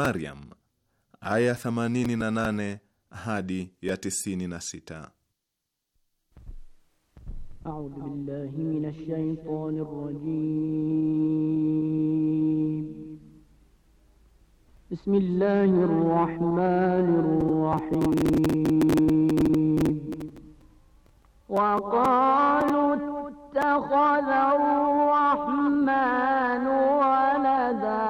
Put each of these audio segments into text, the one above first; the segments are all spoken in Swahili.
Maryam aya 88 hadi ya 96. Bismillahir rahmanir rahim. Wa qalu ittakhadha ar-rahmanu walada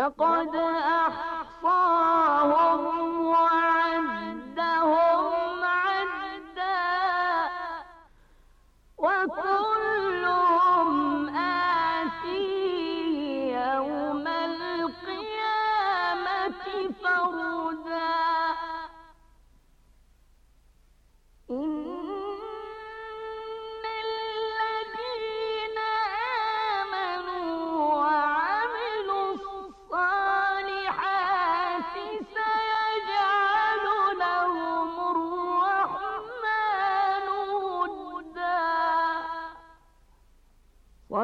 لقد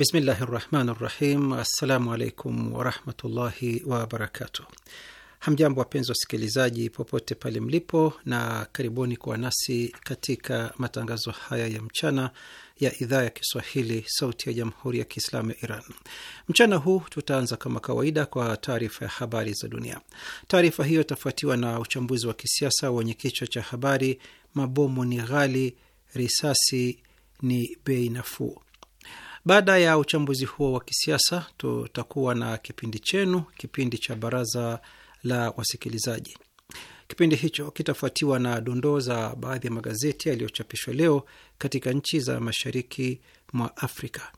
Bismillahi rahmani rahim. Assalamu alaikum warahmatullahi wabarakatuh. Hamjambo wapenzi wasikilizaji, popote pale mlipo, na karibuni kuwa nasi katika matangazo haya ya mchana ya idhaa ya Kiswahili, Sauti ya Jamhuri ya Kiislamu ya Iran. Mchana huu tutaanza kama kawaida kwa taarifa ya habari za dunia. Taarifa hiyo itafuatiwa na uchambuzi wa kisiasa wenye kichwa cha habari, mabomu ni ghali, risasi ni bei nafuu. Baada ya uchambuzi huo wa kisiasa, tutakuwa na kipindi chenu, kipindi cha baraza la wasikilizaji. Kipindi hicho kitafuatiwa na dondoo za baadhi ya magazeti yaliyochapishwa leo katika nchi za mashariki mwa Afrika.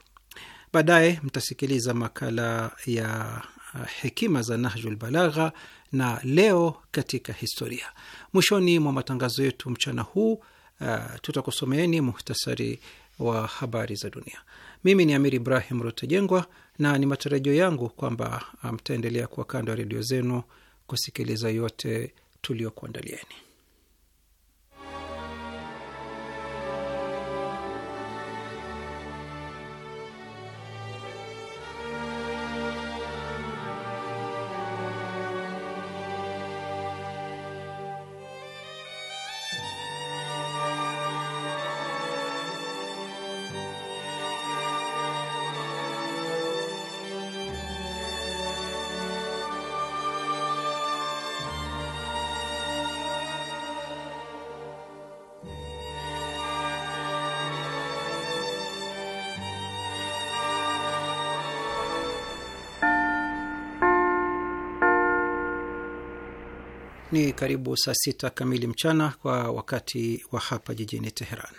Baadaye mtasikiliza makala ya uh, hekima za Nahjul Balagha na leo katika historia. Mwishoni mwa matangazo yetu mchana huu, uh, tutakusomeeni muhtasari wa habari za dunia. Mimi ni Amiri Ibrahim Rutajengwa, na ni matarajio yangu kwamba mtaendelea um, kuwa kando ya redio zenu kusikiliza yote tuliokuandalieni. Ni karibu saa sita kamili mchana kwa wakati wa hapa jijini Teheran.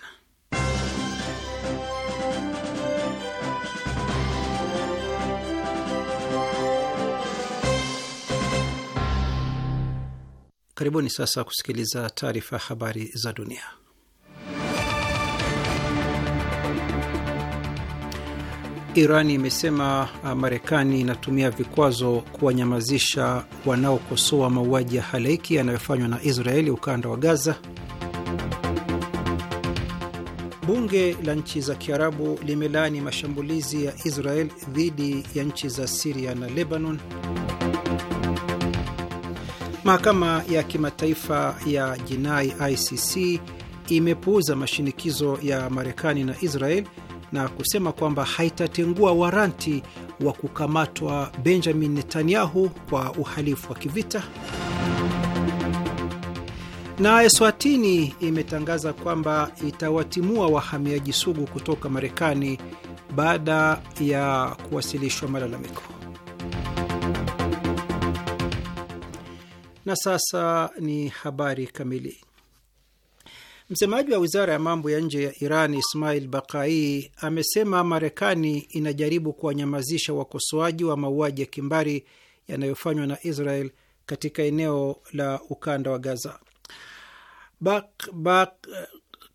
Karibuni sasa kusikiliza taarifa ya habari za dunia. Iran imesema uh, Marekani inatumia vikwazo kuwanyamazisha wanaokosoa mauaji ya halaiki yanayofanywa na Israeli ukanda wa Gaza. Bunge la nchi za Kiarabu limelaani mashambulizi ya Israel dhidi ya nchi za Siria na Lebanon. Mahakama ya kimataifa ya jinai ICC imepuuza mashinikizo ya Marekani na Israel na kusema kwamba haitatengua waranti wa kukamatwa Benjamin Netanyahu kwa uhalifu wa kivita. Na Eswatini imetangaza kwamba itawatimua wahamiaji sugu kutoka Marekani baada ya kuwasilishwa malalamiko. Na sasa ni habari kamili. Msemaji wa wizara ya mambo ya nje ya Iran Ismail Bakai amesema Marekani inajaribu kuwanyamazisha wakosoaji wa mauaji ya kimbari yanayofanywa na Israel katika eneo la ukanda wa Gaza. Bak, bak,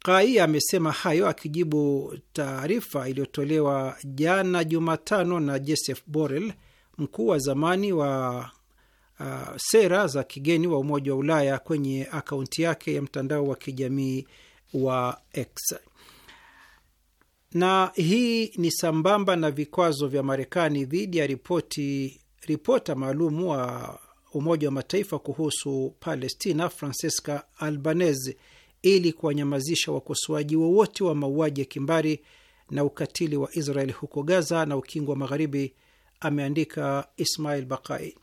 Kai amesema hayo akijibu taarifa iliyotolewa jana Jumatano na Joseph Borrell, mkuu wa zamani wa uh, sera za kigeni wa Umoja wa Ulaya kwenye akaunti yake ya mtandao wa kijamii wa X na hii ni sambamba na vikwazo vya Marekani dhidi ya ripoti ripota maalum wa Umoja wa Mataifa kuhusu Palestina, Francesca Albanese, ili kuwanyamazisha wakosoaji wowote wa, wa mauaji ya kimbari na ukatili wa Israel huko Gaza na Ukingo wa Magharibi, ameandika Ismail Bakai.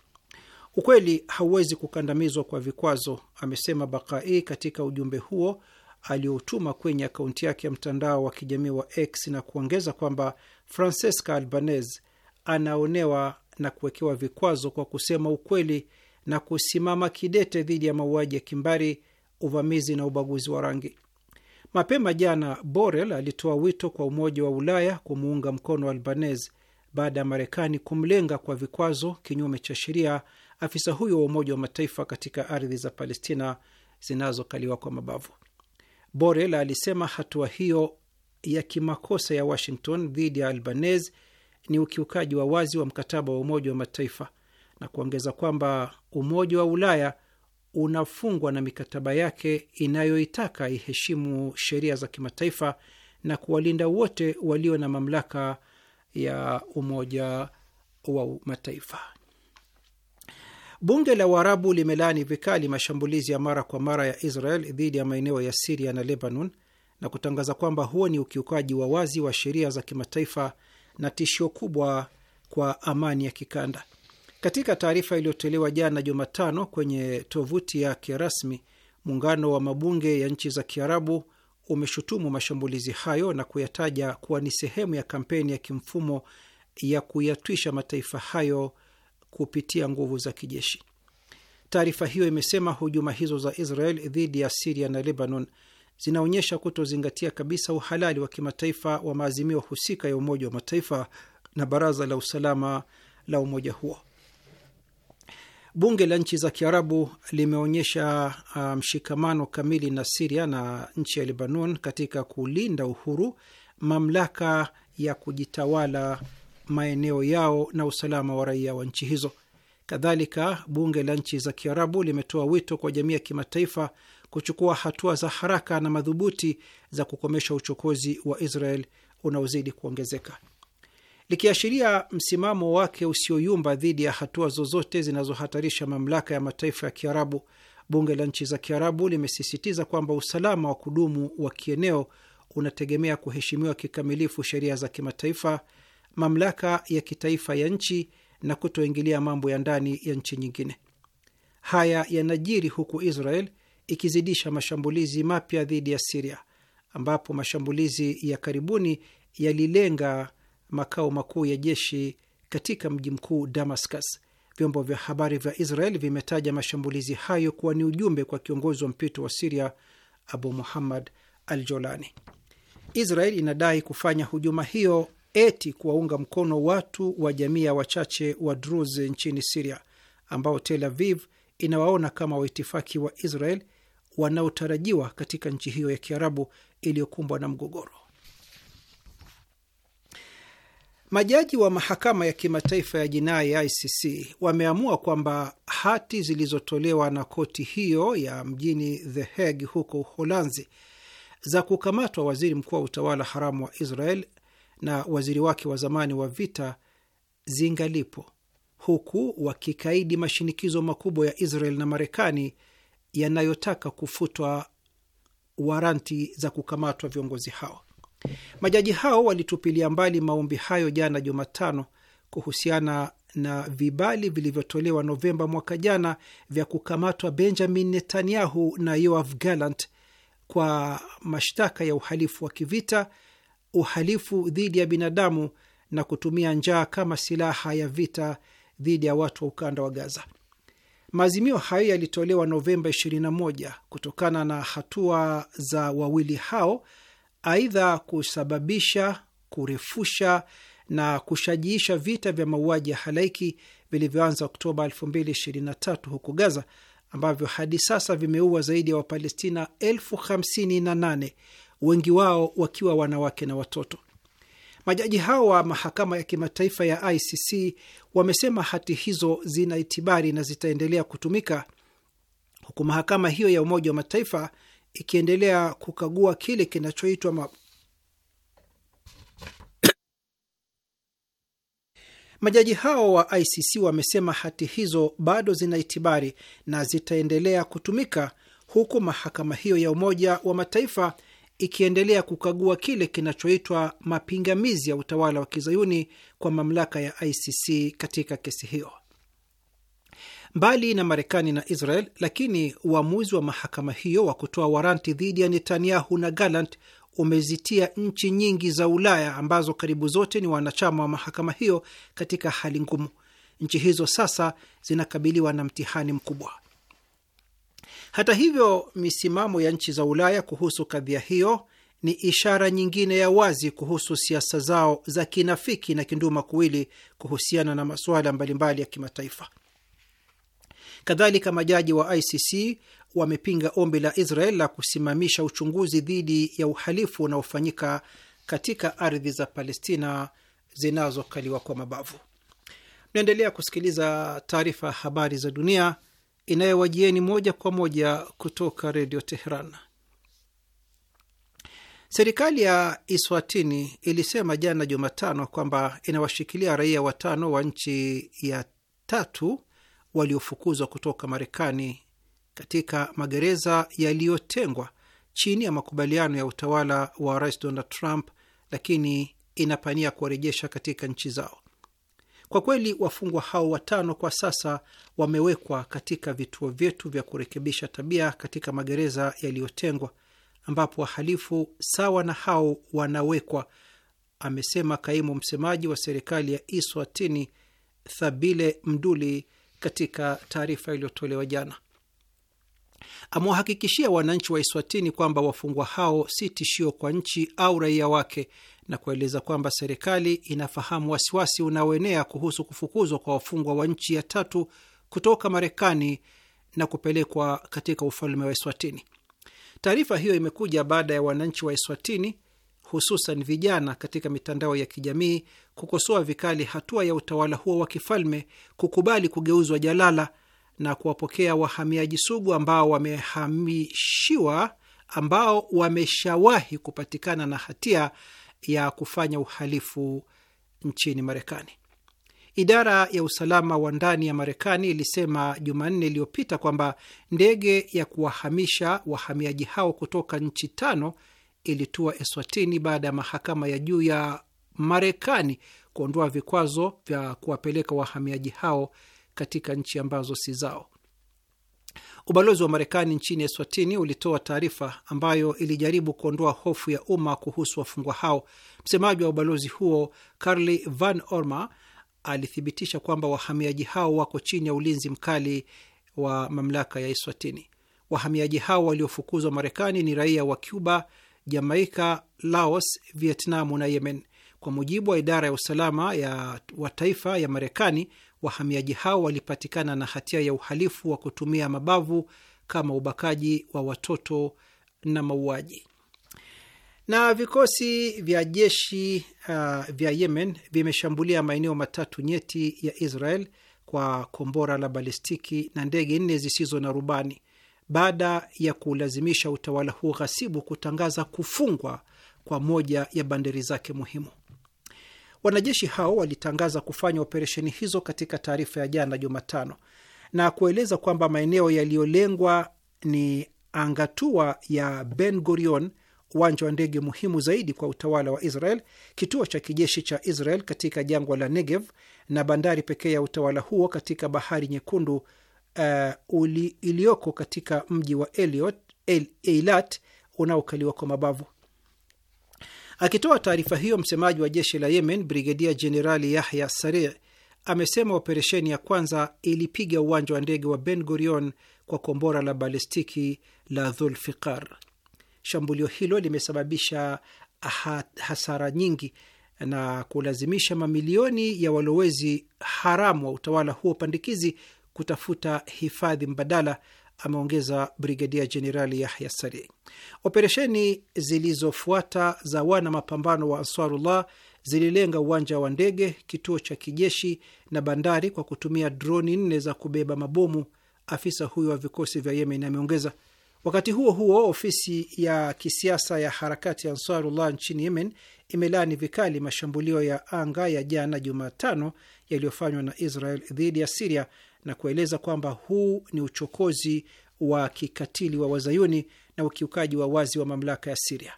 Ukweli hauwezi kukandamizwa kwa vikwazo, amesema Bakai katika ujumbe huo aliotuma kwenye akaunti yake ya mtandao wa kijamii wa X na kuongeza kwamba Francesca Albanese anaonewa na kuwekewa vikwazo kwa kusema ukweli na kusimama kidete dhidi ya mauaji ya kimbari, uvamizi na ubaguzi wa rangi. Mapema jana, Borel alitoa wito kwa Umoja wa Ulaya kumuunga mkono Albanese baada ya Marekani kumlenga kwa vikwazo kinyume cha sheria afisa huyo wa Umoja wa Mataifa katika ardhi za Palestina zinazokaliwa kwa mabavu. Borel alisema hatua hiyo ya kimakosa ya Washington dhidi ya Albanese ni ukiukaji wa wazi wa mkataba wa Umoja wa Mataifa na kuongeza kwamba Umoja wa Ulaya unafungwa na mikataba yake inayoitaka iheshimu sheria za kimataifa na kuwalinda wote walio na mamlaka ya Umoja wa Mataifa. Bunge la Uarabu limelaani vikali mashambulizi ya mara kwa mara ya Israel dhidi ya maeneo ya Siria na Lebanon na kutangaza kwamba huo ni ukiukaji wa wazi wa sheria za kimataifa na tishio kubwa kwa amani ya kikanda. Katika taarifa iliyotolewa jana Jumatano kwenye tovuti yake rasmi, muungano wa mabunge ya nchi za Kiarabu umeshutumu mashambulizi hayo na kuyataja kuwa ni sehemu ya kampeni ya kimfumo ya kuyatwisha mataifa hayo kupitia nguvu za kijeshi. Taarifa hiyo imesema hujuma hizo za Israel dhidi ya Siria na Lebanon zinaonyesha kutozingatia kabisa uhalali wa kimataifa wa maazimio husika ya Umoja wa Mataifa na Baraza la Usalama la umoja huo. Bunge la nchi za Kiarabu limeonyesha uh, mshikamano um, kamili na Siria na nchi ya Lebanon katika kulinda uhuru, mamlaka ya kujitawala maeneo yao na usalama wa raia wa nchi hizo. Kadhalika, bunge la nchi za Kiarabu limetoa wito kwa jamii ya kimataifa kuchukua hatua za haraka na madhubuti za kukomesha uchokozi wa Israel unaozidi kuongezeka, likiashiria msimamo wake usioyumba dhidi ya hatua zozote zinazohatarisha mamlaka ya mataifa ya Kiarabu. Bunge la nchi za Kiarabu limesisitiza kwamba usalama wa kudumu wa kieneo unategemea kuheshimiwa kikamilifu sheria za kimataifa, mamlaka ya kitaifa ya nchi na kutoingilia mambo ya ndani ya nchi nyingine. Haya yanajiri huku Israel ikizidisha mashambulizi mapya dhidi ya Siria, ambapo mashambulizi ya karibuni yalilenga makao makuu ya jeshi katika mji mkuu Damascus. Vyombo vya habari vya Israel vimetaja mashambulizi hayo kuwa ni ujumbe kwa kiongozi wa mpito wa Siria Abu Muhammad al Jolani. Israel inadai kufanya hujuma hiyo eti kuwaunga mkono watu wa jamii ya wachache wa Druze nchini Siria ambao Tel Aviv inawaona kama waitifaki wa Israel wanaotarajiwa katika nchi hiyo ya Kiarabu iliyokumbwa na mgogoro. Majaji wa mahakama ya kimataifa ya jinai ya ICC wameamua kwamba hati zilizotolewa na koti hiyo ya mjini The Hague huko Uholanzi za kukamatwa waziri mkuu wa utawala haramu wa Israel na waziri wake wa zamani wa vita zingalipo, huku wakikaidi mashinikizo makubwa ya Israel na Marekani yanayotaka kufutwa waranti za kukamatwa viongozi hao. Majaji hao walitupilia mbali maombi hayo jana Jumatano kuhusiana na vibali vilivyotolewa Novemba mwaka jana vya kukamatwa Benjamin Netanyahu na Yoav Gallant kwa mashtaka ya uhalifu wa kivita uhalifu dhidi ya binadamu na kutumia njaa kama silaha ya vita dhidi ya watu wa ukanda wa Gaza. Maazimio hayo yalitolewa Novemba 21 kutokana na hatua za wawili hao, aidha kusababisha, kurefusha na kushajiisha vita vya mauaji ya halaiki vilivyoanza Oktoba 2023 huko Gaza, ambavyo hadi sasa vimeua zaidi ya Wapalestina elfu hamsini na nane wengi wao wakiwa wanawake na watoto. Majaji hao wa mahakama ya kimataifa ya ICC wamesema hati hizo zina itibari na zitaendelea kutumika huku mahakama hiyo ya Umoja wa Mataifa ikiendelea kukagua kile kinachoitwa ma... Majaji hao wa ICC wamesema hati hizo bado zina itibari na zitaendelea kutumika huku mahakama hiyo ya Umoja wa Mataifa ikiendelea kukagua kile kinachoitwa mapingamizi ya utawala wa kizayuni kwa mamlaka ya ICC katika kesi hiyo. Mbali na Marekani na Israel, lakini uamuzi wa mahakama hiyo wa kutoa waranti dhidi ya Netanyahu na Gallant umezitia nchi nyingi za Ulaya ambazo karibu zote ni wanachama wa mahakama hiyo katika hali ngumu. Nchi hizo sasa zinakabiliwa na mtihani mkubwa. Hata hivyo, misimamo ya nchi za Ulaya kuhusu kadhia hiyo ni ishara nyingine ya wazi kuhusu siasa zao za kinafiki na kinduma kuwili kuhusiana na masuala mbalimbali ya kimataifa. Kadhalika, majaji wa ICC wamepinga ombi la Israel la kusimamisha uchunguzi dhidi ya uhalifu unaofanyika katika ardhi za Palestina zinazokaliwa kwa mabavu. Mnaendelea kusikiliza taarifa ya habari za dunia inayowajieni moja kwa moja kutoka redio Teheran. Serikali ya Iswatini ilisema jana Jumatano kwamba inawashikilia raia watano wa nchi ya tatu waliofukuzwa kutoka Marekani katika magereza yaliyotengwa chini ya makubaliano ya utawala wa Rais Donald Trump, lakini inapania kuwarejesha katika nchi zao. Kwa kweli wafungwa hao watano kwa sasa wamewekwa katika vituo vyetu vya kurekebisha tabia katika magereza yaliyotengwa, ambapo wahalifu sawa na hao wanawekwa, amesema kaimu msemaji wa serikali ya Iswatini Thabile Mduli katika taarifa iliyotolewa jana. Amewahakikishia wananchi wa Iswatini kwamba wafungwa hao si tishio kwa nchi au raia wake, na kueleza kwamba serikali inafahamu wasiwasi unaoenea kuhusu kufukuzwa kwa wafungwa wa nchi ya tatu kutoka Marekani na kupelekwa katika ufalme wa Eswatini. Taarifa hiyo imekuja baada ya wananchi wa Eswatini, hususan vijana, katika mitandao ya kijamii kukosoa vikali hatua ya utawala huo wa kifalme kukubali kugeuzwa jalala na kuwapokea wahamiaji sugu ambao wamehamishiwa, ambao wameshawahi kupatikana na hatia ya kufanya uhalifu nchini Marekani. Idara ya usalama wa ndani ya Marekani ilisema Jumanne iliyopita kwamba ndege ya kuwahamisha wahamiaji hao kutoka nchi tano ilitua Eswatini baada ya mahakama ya juu ya Marekani kuondoa vikwazo vya kuwapeleka wahamiaji hao katika nchi ambazo si zao. Ubalozi wa Marekani nchini Eswatini ulitoa taarifa ambayo ilijaribu kuondoa hofu ya umma kuhusu wafungwa hao. Msemaji wa ubalozi huo Carly Van Orma alithibitisha kwamba wahamiaji hao wako chini ya ulinzi mkali wa mamlaka ya Eswatini. Wahamiaji hao waliofukuzwa Marekani ni raia wa Cuba, Jamaika, Laos, Vietnamu na Yemen. Kwa mujibu wa idara ya usalama ya wa taifa ya Marekani, wahamiaji hao walipatikana na hatia ya uhalifu wa kutumia mabavu kama ubakaji wa watoto na mauaji. Na vikosi vya jeshi uh, vya Yemen vimeshambulia maeneo matatu nyeti ya Israel kwa kombora la balistiki na ndege nne zisizo na rubani baada ya kulazimisha utawala huo ghasibu kutangaza kufungwa kwa moja ya bandari zake muhimu. Wanajeshi hao walitangaza kufanya operesheni hizo katika taarifa ya jana Jumatano na kueleza kwamba maeneo yaliyolengwa ni angatua ya Ben Gurion, uwanja wa ndege muhimu zaidi kwa utawala wa Israel, kituo cha kijeshi cha Israel katika jangwa la Negev na bandari pekee ya utawala huo katika bahari nyekundu uh, iliyoko katika mji wa Eilat unaokaliwa kwa mabavu. Akitoa taarifa hiyo, msemaji wa jeshi la Yemen, Brigedia Jenerali Yahya Sari, amesema operesheni ya kwanza ilipiga uwanja wa ndege wa Ben Gurion kwa kombora la balistiki la Dhulfiqar. Shambulio hilo limesababisha hasara nyingi na kulazimisha mamilioni ya walowezi haramu wa utawala huo pandikizi kutafuta hifadhi mbadala ameongeza Brigedia Jenerali Yahya Sari. Operesheni zilizofuata za wana mapambano wa Ansarullah zililenga uwanja wa ndege, kituo cha kijeshi na bandari kwa kutumia droni nne za kubeba mabomu, afisa huyo wa vikosi vya Yemen ameongeza. Wakati huo huo, ofisi ya kisiasa ya harakati ya Ansarullah nchini Yemen imelaani vikali mashambulio ya anga ya jana Jumatano yaliyofanywa na Israel dhidi ya Siria na kueleza kwamba huu ni uchokozi wa kikatili wa wazayuni na ukiukaji wa wazi wa mamlaka ya Siria.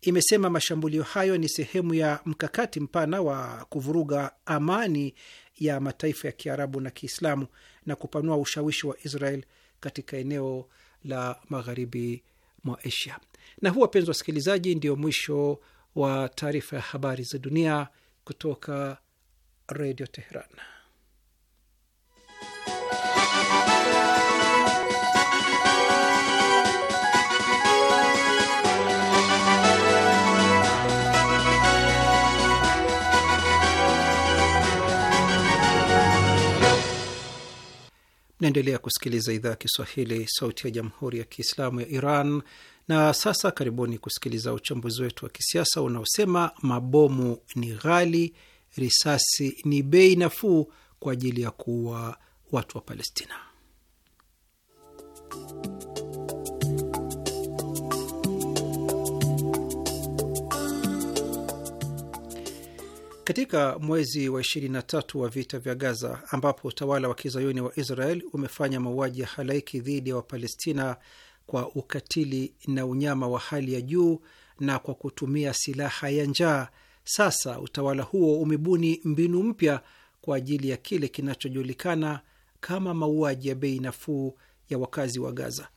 Imesema mashambulio hayo ni sehemu ya mkakati mpana wa kuvuruga amani ya mataifa ya Kiarabu na Kiislamu na kupanua ushawishi wa Israel katika eneo la magharibi mwa Asia. Na huu, wapenzi wasikilizaji, ndio mwisho wa taarifa ya habari za dunia kutoka Redio Teheran. Naendelea kusikiliza idhaa ya Kiswahili, sauti ya jamhuri ya kiislamu ya Iran. Na sasa karibuni kusikiliza uchambuzi wetu wa kisiasa unaosema mabomu ni ghali, risasi ni bei nafuu kwa ajili ya kuua watu wa Palestina. Katika mwezi wa 23 wa vita vya Gaza, ambapo utawala wa kizayuni wa Israel umefanya mauaji ya halaiki dhidi ya Wapalestina kwa ukatili na unyama wa hali ya juu na kwa kutumia silaha ya njaa, sasa utawala huo umebuni mbinu mpya kwa ajili ya kile kinachojulikana kama mauaji ya bei nafuu ya wakazi wa Gaza.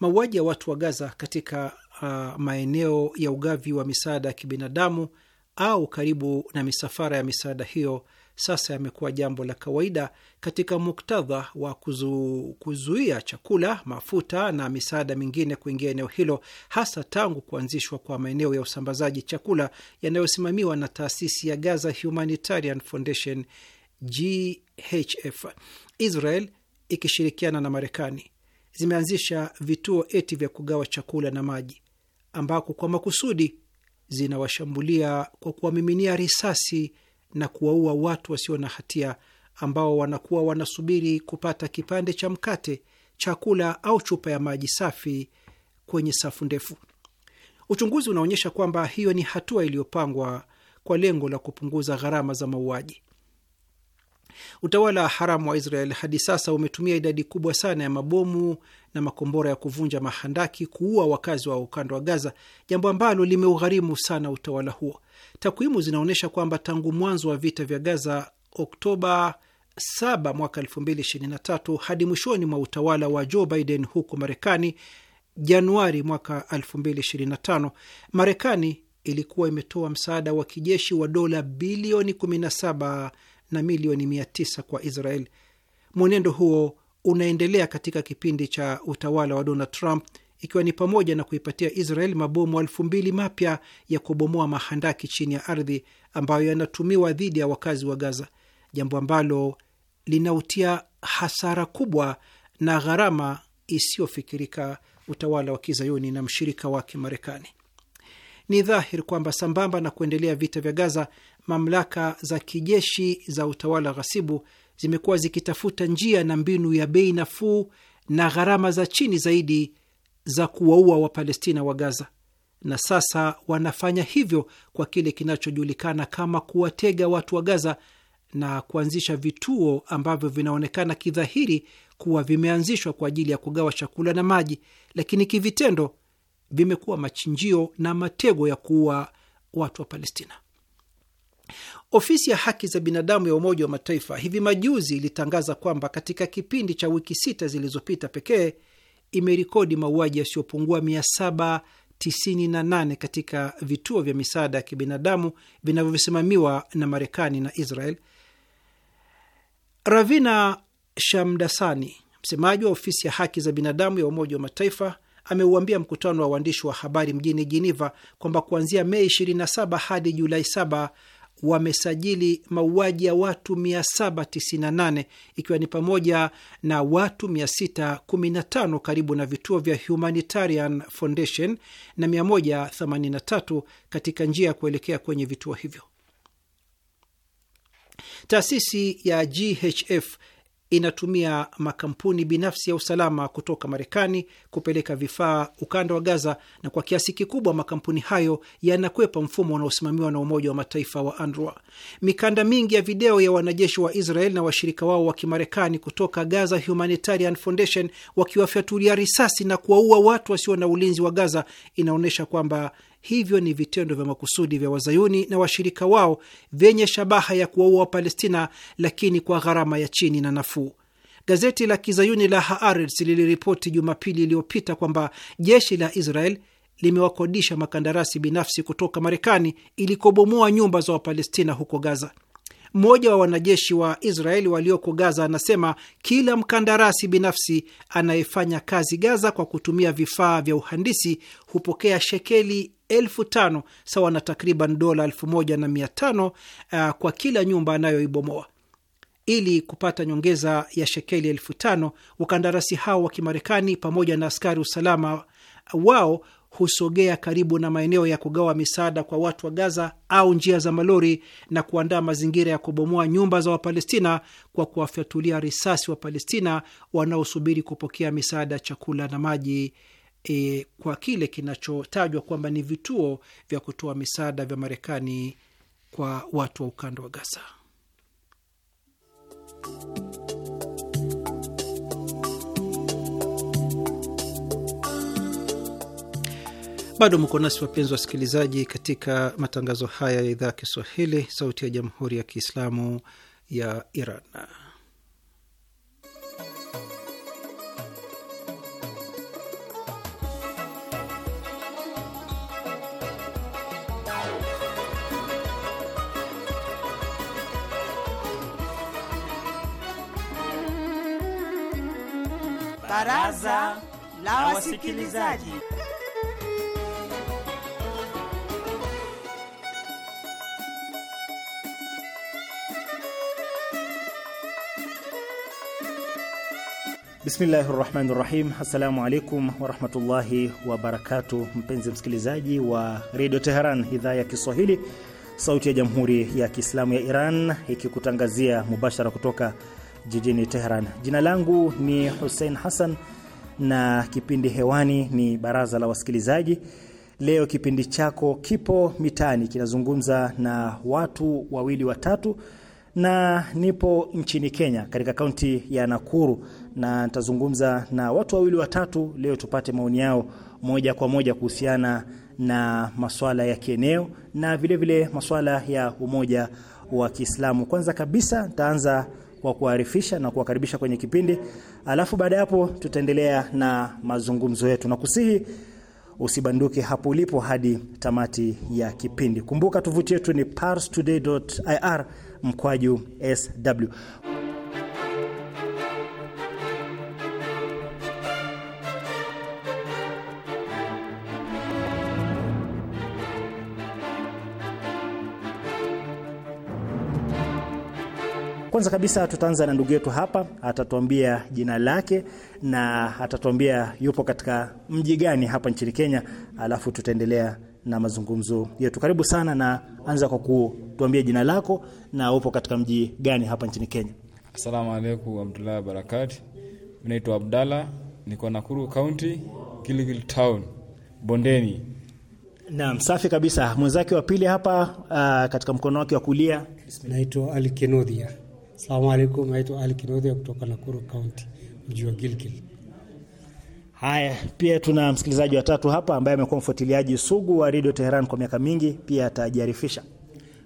Mauaji ya watu wa Gaza katika uh, maeneo ya ugavi wa misaada ya kibinadamu au karibu na misafara ya misaada hiyo sasa yamekuwa jambo la kawaida katika muktadha wa kuzu, kuzuia chakula, mafuta na misaada mingine kuingia eneo hilo, hasa tangu kuanzishwa kwa maeneo ya usambazaji chakula yanayosimamiwa na taasisi ya Gaza Humanitarian Foundation GHF. Israel ikishirikiana na Marekani zimeanzisha vituo eti vya kugawa chakula na maji ambako kwa makusudi zinawashambulia kwa kuwamiminia risasi na kuwaua watu wasio na hatia ambao wanakuwa wanasubiri kupata kipande cha mkate, chakula au chupa ya maji safi kwenye safu ndefu. Uchunguzi unaonyesha kwamba hiyo ni hatua iliyopangwa kwa lengo la kupunguza gharama za mauaji. Utawala haramu wa Israel hadi sasa umetumia idadi kubwa sana ya mabomu na makombora ya kuvunja mahandaki kuua wakazi wa ukanda wa Gaza, jambo ambalo limeugharimu sana utawala huo. Takwimu zinaonyesha kwamba tangu mwanzo wa vita vya Gaza Oktoba 7 mwaka 2023 hadi mwishoni mwa utawala wa Joe Biden huko Marekani Januari mwaka 2025, Marekani ilikuwa imetoa msaada wa kijeshi wa dola bilioni 17 na milioni 900 kwa Israel. Mwenendo huo unaendelea katika kipindi cha utawala wa Donald Trump, ikiwa ni pamoja na kuipatia Israel mabomu elfu mbili mapya ya kubomoa mahandaki chini ya ardhi ambayo yanatumiwa dhidi ya wakazi wa Gaza, jambo ambalo linautia hasara kubwa na gharama isiyofikirika utawala wa kizayuni na mshirika wake Marekani. Ni dhahiri kwamba sambamba na kuendelea vita vya Gaza, mamlaka za kijeshi za utawala ghasibu zimekuwa zikitafuta njia na mbinu ya bei nafuu na gharama za chini zaidi za kuwaua Wapalestina wa Gaza, na sasa wanafanya hivyo kwa kile kinachojulikana kama kuwatega watu wa Gaza na kuanzisha vituo ambavyo vinaonekana kidhahiri kuwa vimeanzishwa kwa ajili ya kugawa chakula na maji, lakini kivitendo vimekuwa machinjio na matego ya kuua watu wa Palestina. Ofisi ya haki za binadamu ya Umoja wa Mataifa hivi majuzi ilitangaza kwamba katika kipindi cha wiki sita zilizopita pekee imerekodi mauaji yasiyopungua 798 katika vituo vya misaada ya kibinadamu vinavyosimamiwa na Marekani na Israel. Ravina Shamdasani, msemaji wa ofisi ya haki za binadamu ya Umoja wa Mataifa, ameuambia mkutano wa waandishi wa habari mjini Geneva kwamba kuanzia Mei 27 hadi Julai 7 wamesajili mauaji ya watu 798 ikiwa ni pamoja na watu 615 karibu na vituo vya Humanitarian Foundation na 183 katika njia ya kuelekea kwenye vituo hivyo. Taasisi ya GHF inatumia makampuni binafsi ya usalama kutoka Marekani kupeleka vifaa ukanda wa Gaza, na kwa kiasi kikubwa makampuni hayo yanakwepa mfumo unaosimamiwa na Umoja wa Mataifa wa UNRWA. Mikanda mingi ya video ya wanajeshi wa Israel na washirika wao wa Kimarekani kutoka Gaza Humanitarian Foundation wakiwafyatulia risasi na kuwaua watu wasio na ulinzi wa Gaza inaonyesha kwamba Hivyo ni vitendo vya makusudi vya wazayuni na washirika wao vyenye shabaha ya kuwaua wapalestina lakini kwa gharama ya chini na nafuu. Gazeti la kizayuni la Haaretz liliripoti Jumapili iliyopita kwamba jeshi la Israel limewakodisha makandarasi binafsi kutoka Marekani ili kubomoa nyumba za Wapalestina huko Gaza. Mmoja wa wanajeshi wa Israeli walioko Gaza anasema kila mkandarasi binafsi anayefanya kazi Gaza kwa kutumia vifaa vya uhandisi hupokea shekeli elfu tano sawa na takriban dola elfu moja na mia tano uh, kwa kila nyumba anayoibomoa. Ili kupata nyongeza ya shekeli elfu tano wakandarasi hao wa Kimarekani pamoja na askari usalama wao husogea karibu na maeneo ya kugawa misaada kwa watu wa Gaza au njia za malori na kuandaa mazingira ya kubomoa nyumba za Wapalestina kwa kuwafyatulia risasi Wapalestina wanaosubiri kupokea misaada ya chakula na maji e, kwa kile kinachotajwa kwamba ni vituo vya kutoa misaada vya Marekani kwa watu wa ukanda wa Gaza. Bado mko nasi wapenzi wasikilizaji, katika matangazo haya ya idhaa ya Kiswahili, sauti ya jamhuri ya kiislamu ya Iran. Baraza la Wasikilizaji. Bismillahi rahmani rahim. Assalamu alaikum warahmatullahi wabarakatu, mpenzi msikilizaji wa redio Teheran, idhaa ya Kiswahili, sauti ya jamhuri ya kiislamu ya Iran, ikikutangazia mubashara kutoka jijini Teheran. Jina langu ni Husein Hassan na kipindi hewani ni baraza la wasikilizaji. Leo kipindi chako kipo mitaani kinazungumza na watu wawili watatu na nipo nchini Kenya katika kaunti ya Nakuru, na nitazungumza na watu wawili watatu leo tupate maoni yao moja kwa moja kuhusiana na masuala ya kieneo na vilevile vile masuala ya umoja wa Kiislamu. Kwanza kabisa nitaanza kwa kuarifisha na kuwakaribisha kwenye kipindi, alafu baada ya hapo tutaendelea na mazungumzo yetu, na kusihi usibanduke hapo ulipo hadi tamati ya kipindi. Kumbuka tovuti yetu ni parstoday.ir mkwaju sw. Kwanza kabisa tutaanza na ndugu yetu hapa, atatuambia jina lake na atatuambia yupo katika mji gani hapa nchini Kenya, alafu tutaendelea na mazungumzo yetu. Karibu sana, na anza kwa kutuambia jina lako na upo katika mji gani hapa nchini Kenya? Asalamu alaikum warahmatullahi wabarakatu. Naitwa Abdalla, niko Nakuru County, Gilgil Town, Bondeni. Naam, safi kabisa. Mwenzake wa pili hapa, uh, katika mkono wake wa kulia naitwa Ali Salamu alaikum, naitwa Ali kutoka Nakuru County, mji wa Gilgil. Haya, pia tuna msikilizaji wa tatu hapa ambaye amekuwa mfuatiliaji sugu wa Radio Teheran kwa miaka mingi, pia atajiarifisha.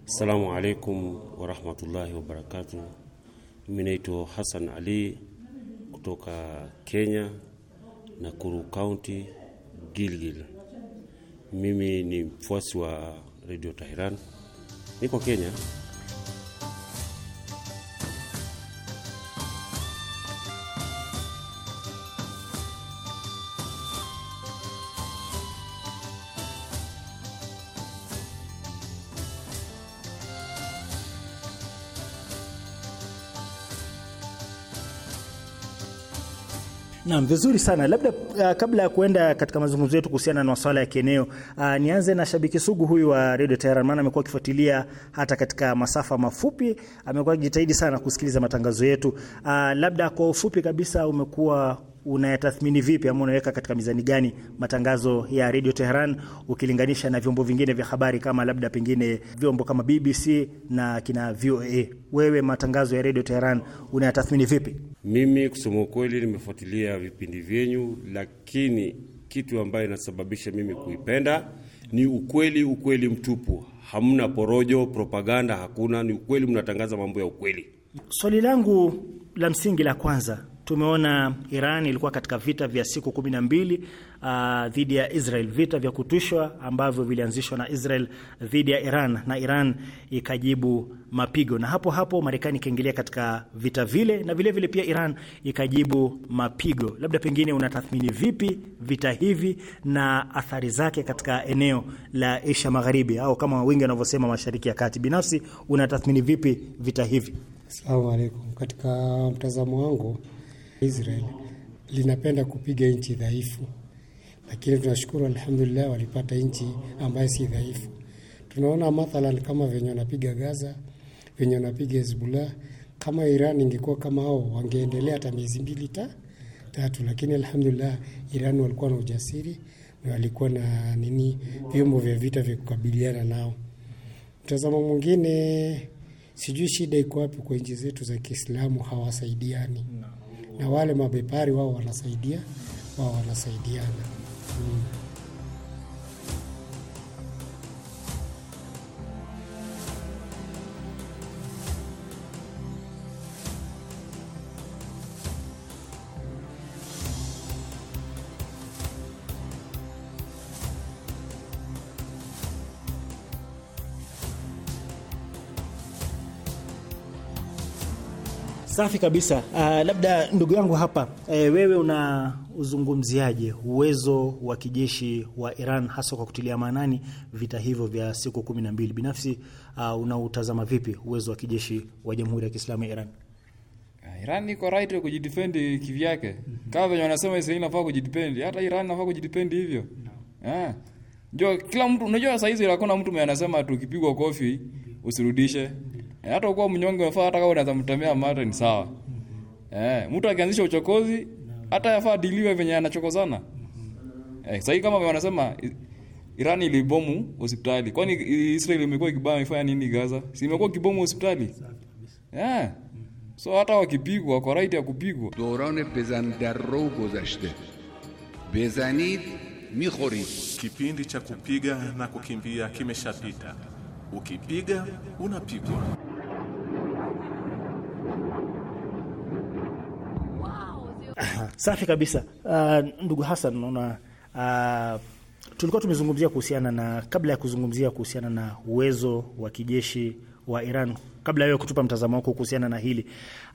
Assalamu alaikum warahmatullahi barakatuh Mimi naitwa Hassan Ali kutoka Kenya, Nakuru County, Gilgil. Mimi ni mfuasi wa Radio Teheran, niko Kenya. Naam, vizuri sana. Labda uh, kabla ya kuenda katika mazungumzo yetu kuhusiana na masuala ya kieneo, uh, nianze na shabiki sugu huyu wa Radio Tehran, maana amekuwa akifuatilia hata katika masafa mafupi, amekuwa akijitahidi sana kusikiliza matangazo yetu. Uh, labda kwa ufupi kabisa umekuwa unayatathmini vipi ama unaweka katika mizani gani matangazo ya Radio Tehran ukilinganisha na vyombo vingine vya habari kama labda pengine vyombo kama BBC na kina VOA? Wewe matangazo ya Radio Tehran unayatathmini vipi? Mimi kusema ukweli, nimefuatilia vipindi vyenyu, lakini kitu ambayo inasababisha mimi kuipenda ni ukweli, ukweli mtupu. Hamna porojo, propaganda hakuna, ni ukweli. Mnatangaza mambo ya ukweli. Swali langu la msingi la kwanza Tumeona Iran ilikuwa katika vita vya siku kumi na uh, dhidi ya Israel, vita vya kutushwa ambavyo vilianzishwa na Israel dhidi ya Iran na Iran ikajibu mapigo, na hapo hapo Marekani ikaingilia katika vita vile, na vilevile vile pia Iran ikajibu mapigo. Labda pengine unatathmini vipi vita hivi na athari zake katika eneo la Asia Magharibi au kama wengi wanavyosema Mashariki ya Kati? Binafsi unatathmini vipi vita hivi? Asalamu alaikum. Katika mtazamo wangu Israel linapenda kupiga nchi dhaifu, lakini tunashukuru alhamdulillah, walipata nchi ambayo si dhaifu. Tunaona mathalan kama venye wanapiga Gaza, venye wanapiga Hezbollah. Kama Iran ingekuwa kama hao, wangeendelea hata miezi mbili ta tatu, lakini alhamdulillah, Iran walikuwa na ujasiri na walikuwa na nini, vyombo vya vita vya kukabiliana nao. Mtazamo mwingine, sijui shida iko wapi kwa nchi zetu za Kiislamu, hawasaidiani no na wale mabepari wao wanasaidia wao wanasaidiana mm. Safi kabisa. Uh, labda ndugu yangu hapa e, wewe una uzungumziaje uwezo wa kijeshi wa Iran hasa kwa kutilia maanani vita hivyo vya siku kumi na mbili? Binafsi uh, unautazama vipi uwezo wa kijeshi wa Jamhuri ya Kiislamu ya Iran? Ah, Iran iko right kujidefend kivyake. mm -hmm. Kama venye wanasema Israel inafaa kujidefend, hata Iran inafaa kujidefend hivyo. No. Yeah. Ndio kila mtu unajua saa hizi hakuna mtu mwenye anasema tukipigwa kofi mm -hmm usirudishe. Eh, hata ukuwa mnyonge unafaa hata kama unaweza mtemea mate ni sawa. Eh, mtu akianzisha uchokozi hata yafaa diliwe venye anachokozana. Eh, sahi kama wanasema Iran ilibomu hospitali. Kwani Israel imekuwa kibaya imefanya nini Gaza? Si imekuwa kibomu hospitali? Eh. So hata wakipigwa kwa right ya kupigwa. Doran pezan darro gozashte. Bezanid mikhorib. Kipindi cha kupiga na kukimbia kimeshapita. Ukipiga unapigwa. Safi kabisa. Uh, ndugu Hassan, naona uh, tulikuwa tumezungumzia kuhusiana na, kabla ya kuzungumzia kuhusiana na uwezo wa kijeshi wa Iran, kabla ya kutupa mtazamo wako kuhusiana na hili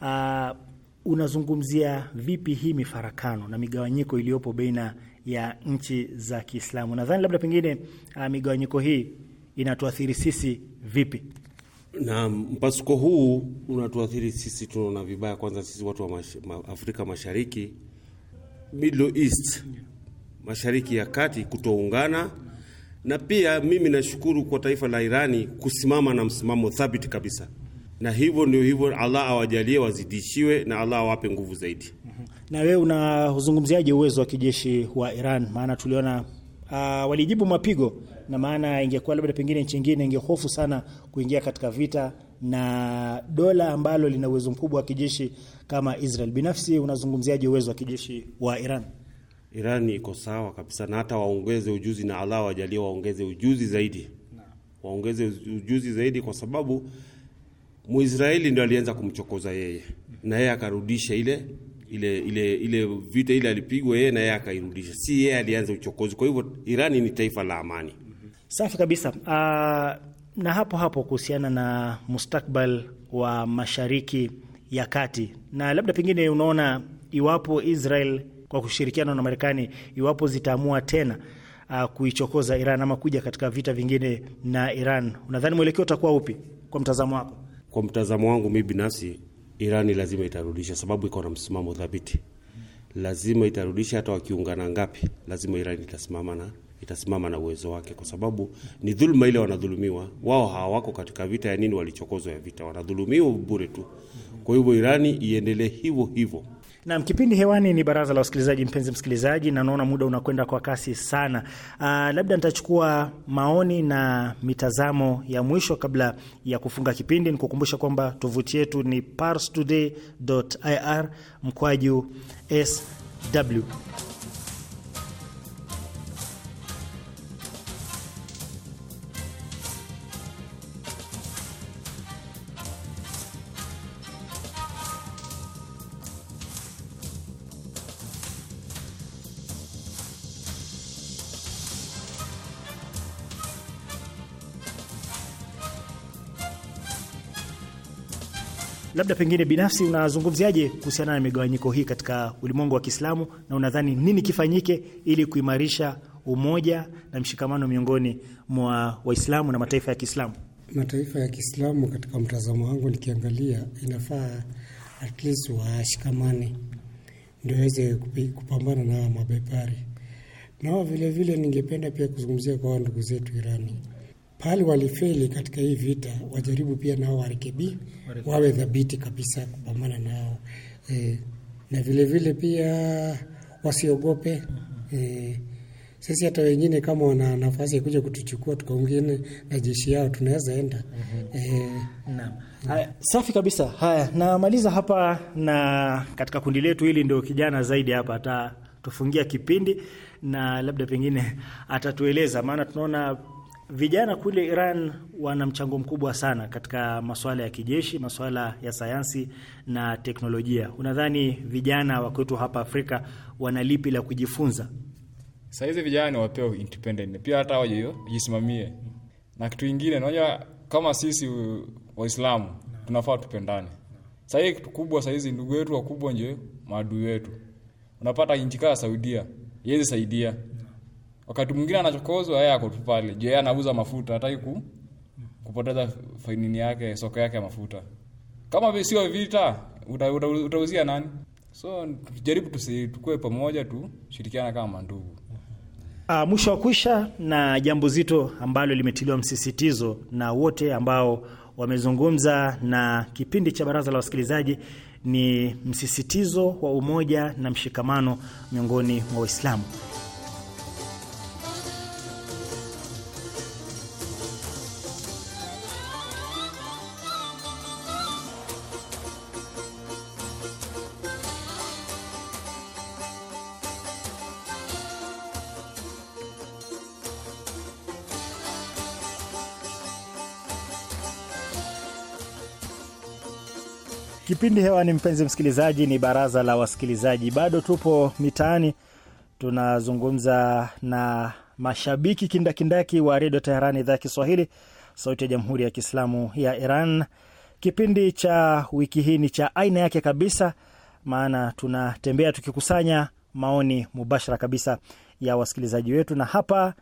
uh, unazungumzia vipi hii mifarakano na migawanyiko iliyopo baina ya nchi za Kiislamu? Nadhani labda pengine uh, migawanyiko hii inatuathiri sisi vipi? Na mpasuko huu unatuathiri sisi, tunaona vibaya. Kwanza sisi watu wa mash, ma, Afrika Mashariki, Middle East, Mashariki ya Kati kutoungana, na pia mimi nashukuru kwa taifa la Irani kusimama na msimamo thabiti kabisa, na hivyo ndio hivyo. Allah awajalie wazidishiwe, na Allah awape nguvu zaidi. Mm-hmm. Na wewe unazungumziaje uwezo wa kijeshi wa Iran? Maana tuliona uh, walijibu mapigo na maana ingekuwa labda pengine nchi ingine ingehofu sana kuingia katika vita na dola ambalo lina uwezo mkubwa wa kijeshi kama Israel. Binafsi unazungumziaje uwezo wa kijeshi wa Iran? Iran iko sawa kabisa, na hata waongeze ujuzi, na Allah wajalie waongeze ujuzi zaidi na, waongeze ujuzi zaidi, kwa sababu Muisraeli ndio alianza kumchokoza yeye na yeye akarudisha ile ile ile ile vita ile alipigwa yeye na yeye akairudisha, si yeye alianza uchokozi. Kwa hivyo Irani ni taifa la amani. Safi kabisa. Uh, na hapo hapo kuhusiana na mustakbal wa Mashariki ya Kati, na labda pengine unaona iwapo Israel kwa kushirikiana na Marekani iwapo zitaamua tena uh, kuichokoza Iran ama kuja katika vita vingine na Iran, unadhani mwelekeo utakuwa upi kwa mtazamo wako? Kwa mtazamo wangu mi binafsi, Irani lazima itarudisha, sababu iko na msimamo thabiti, lazima itarudisha. Hata wakiungana ngapi, lazima Irani itasimama na itasimama na uwezo wake, kwa sababu ni dhuluma ile wanadhulumiwa wao. Hawako katika vita ya nini, walichokozwa ya vita, wanadhulumiwa bure tu. Kwa hivyo Irani iendelee hivyo hivyo. Nam kipindi hewani ni baraza la wasikilizaji. Mpenzi msikilizaji, na naona muda unakwenda kwa kasi sana. Aa, ah, labda nitachukua maoni na mitazamo ya mwisho kabla ya kufunga kipindi. Nikukumbusha kwamba tovuti yetu ni parstoday.ir mkwaju sw labda pengine binafsi unazungumziaje kuhusiana na migawanyiko hii katika ulimwengu wa Kiislamu na unadhani nini kifanyike ili kuimarisha umoja na mshikamano miongoni mwa Waislamu na mataifa ya Kiislamu? Mataifa ya Kiislamu katika mtazamo wangu nikiangalia, inafaa at least washikamane ndio weze kupambana na mabepari na vile vile, ningependa pia kuzungumzia kwa ndugu zetu Irani pale walifeli katika hii vita, wajaribu pia nao warekebi, wawe dhabiti kabisa kupambana nao e, na vilevile vile pia wasiogope mm-hmm. e, sisi hata wengine kama wana nafasi ya kuja kutuchukua tukaungine na jeshi yao tunaweza enda. Mm-hmm. E, e. safi kabisa. Haya, namaliza hapa na katika kundi letu hili ndio kijana zaidi hapa atatufungia kipindi na labda pengine atatueleza, maana tunaona Vijana kule Iran wana mchango mkubwa sana katika masuala ya kijeshi, masuala ya sayansi na teknolojia. Unadhani vijana wa kwetu hapa Afrika wana lipi la kujifunza? Saa hizi vijana wapewe independent, pia hata waje wajisimamie. Na kitu ingine, naona kama sisi Waislamu tunafaa tupendane. Saa hii kitu kubwa, saa hizi ndugu wetu wakubwa nje maadui wetu. Unapata nchi kaa Saudia, yeye saidia wakati mwingine anachokozwa yeye ako tu pale juu yeye anauza mafuta hataki ku, kupoteza fainini yake soko yake ya mafuta kama sio vita uta, uta, utauzia nani so tujaribu tukue pamoja tu shirikiana kama ndugu Uh, ah, mwisho wa kuisha na jambo zito ambalo limetiliwa msisitizo na wote ambao wamezungumza na kipindi cha Baraza la Wasikilizaji ni msisitizo wa umoja na mshikamano miongoni mwa Waislamu. Kipindi hewa ni mpenzi msikilizaji, ni baraza la wasikilizaji. Bado tupo mitaani, tunazungumza na mashabiki kindakindaki wa redio Teheran, idhaa ya Kiswahili, sauti ya jamhuri ya kiislamu ya Iran. Kipindi cha wiki hii ni cha aina yake kabisa, maana tunatembea tukikusanya maoni mubashara kabisa ya wasikilizaji wetu, na hapa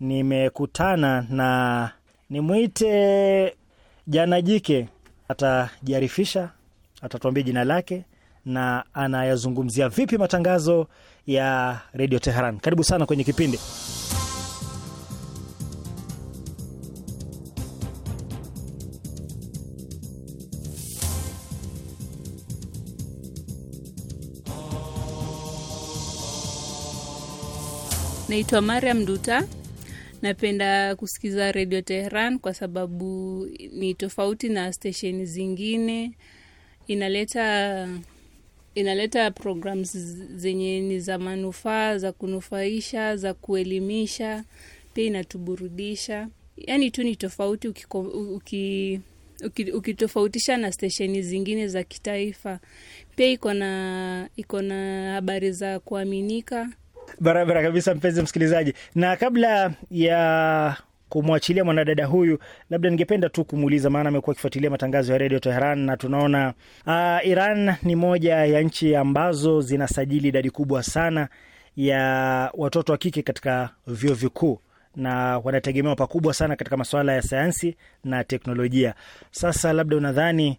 nimekutana na nimwite jana jike, atajiarifisha atatuambia jina lake na anayazungumzia vipi matangazo ya redio Teheran. Karibu sana kwenye kipindi. Naitwa Mariam Duta. Napenda kusikiza redio Teheran kwa sababu ni tofauti na stesheni zingine inaleta inaleta programs zenye ni za manufaa za kunufaisha za kuelimisha pia inatuburudisha yaani tu ni tofauti ukitofautisha uki, uki, ukitofautisha na stesheni zingine za kitaifa pia iko na iko na habari za kuaminika barabara kabisa mpenzi msikilizaji na kabla ya kumwachilia mwanadada huyu, labda ningependa tu kumuuliza, maana amekuwa akifuatilia matangazo ya redio Teheran na tunaona uh, Iran ni moja ya nchi ambazo zinasajili idadi kubwa sana ya watoto wa kike katika vyuo vikuu na wanategemewa pakubwa sana katika masuala ya sayansi na teknolojia. Sasa labda unadhani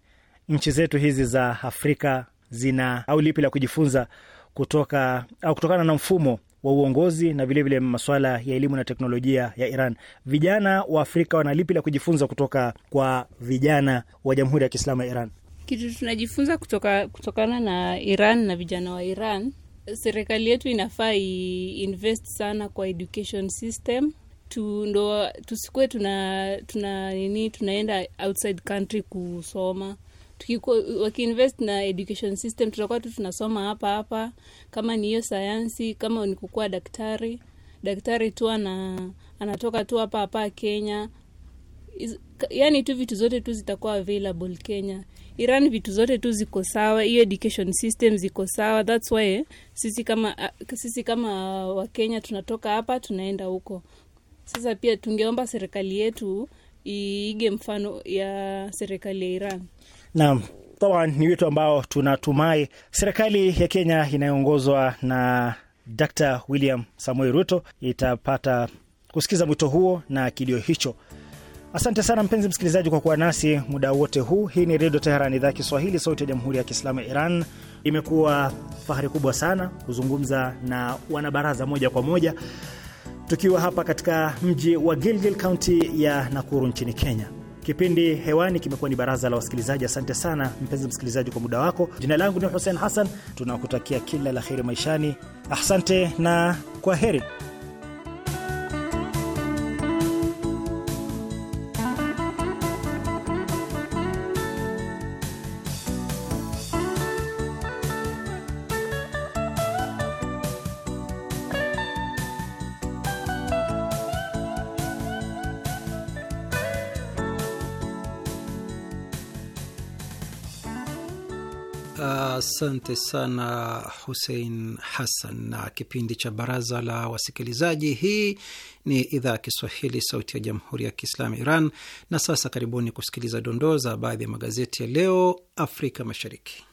nchi zetu hizi za Afrika zina au lipi la kujifunza kutoka au kutokana na mfumo wa uongozi na vilevile maswala ya elimu na teknolojia ya Iran. Vijana wa Afrika wanalipi la kujifunza kutoka kwa vijana wa Jamhuri ya Kiislamu ya Iran? Kitu tunajifunza kutoka, kutokana na Iran na vijana wa Iran, serikali yetu inafaa iinvest sana kwa education system ndo tusikue tuna tuna nini tunaenda outside country kusoma wakiinvest na education system tutakuwa tu tunasoma hapa hapa kama ni hiyo sayansi kama ni kukuwa daktari daktari tu ana anatoka tu hapa hapa kenya Is, yani tu vitu zote tu zitakuwa available kenya iran vitu zote tu ziko sawa hiyo education system ziko sawa thats why eh, sisi kama ah, sisi kama wakenya tunatoka hapa tunaenda huko sasa pia tungeomba serikali yetu iige mfano ya serikali ya iran Naam, taban ni wito ambao tunatumai serikali ya Kenya inayoongozwa na Dr. William Samoei Ruto itapata kusikiza mwito huo na kilio hicho. Asante sana mpenzi msikilizaji kwa kuwa nasi muda wote huu. Hii ni Redio Teheran, idhaa ya Kiswahili, sauti ya Jamhuri ya Kiislamu ya Iran. Imekuwa fahari kubwa sana kuzungumza na wanabaraza moja kwa moja tukiwa hapa katika mji wa Gilgil, kaunti ya Nakuru nchini Kenya. Kipindi hewani kimekuwa ni baraza la wasikilizaji. Asante sana mpenzi msikilizaji kwa muda wako. Jina langu ni Hussein Hassan, tunakutakia kila la heri maishani. Asante na kwa heri. Asante sana Husein Hassan na kipindi cha baraza la wasikilizaji. Hii ni idhaa ya Kiswahili, sauti ya jamhuri ya kiislamu Iran. Na sasa karibuni kusikiliza dondoo za baadhi ya magazeti ya leo Afrika Mashariki.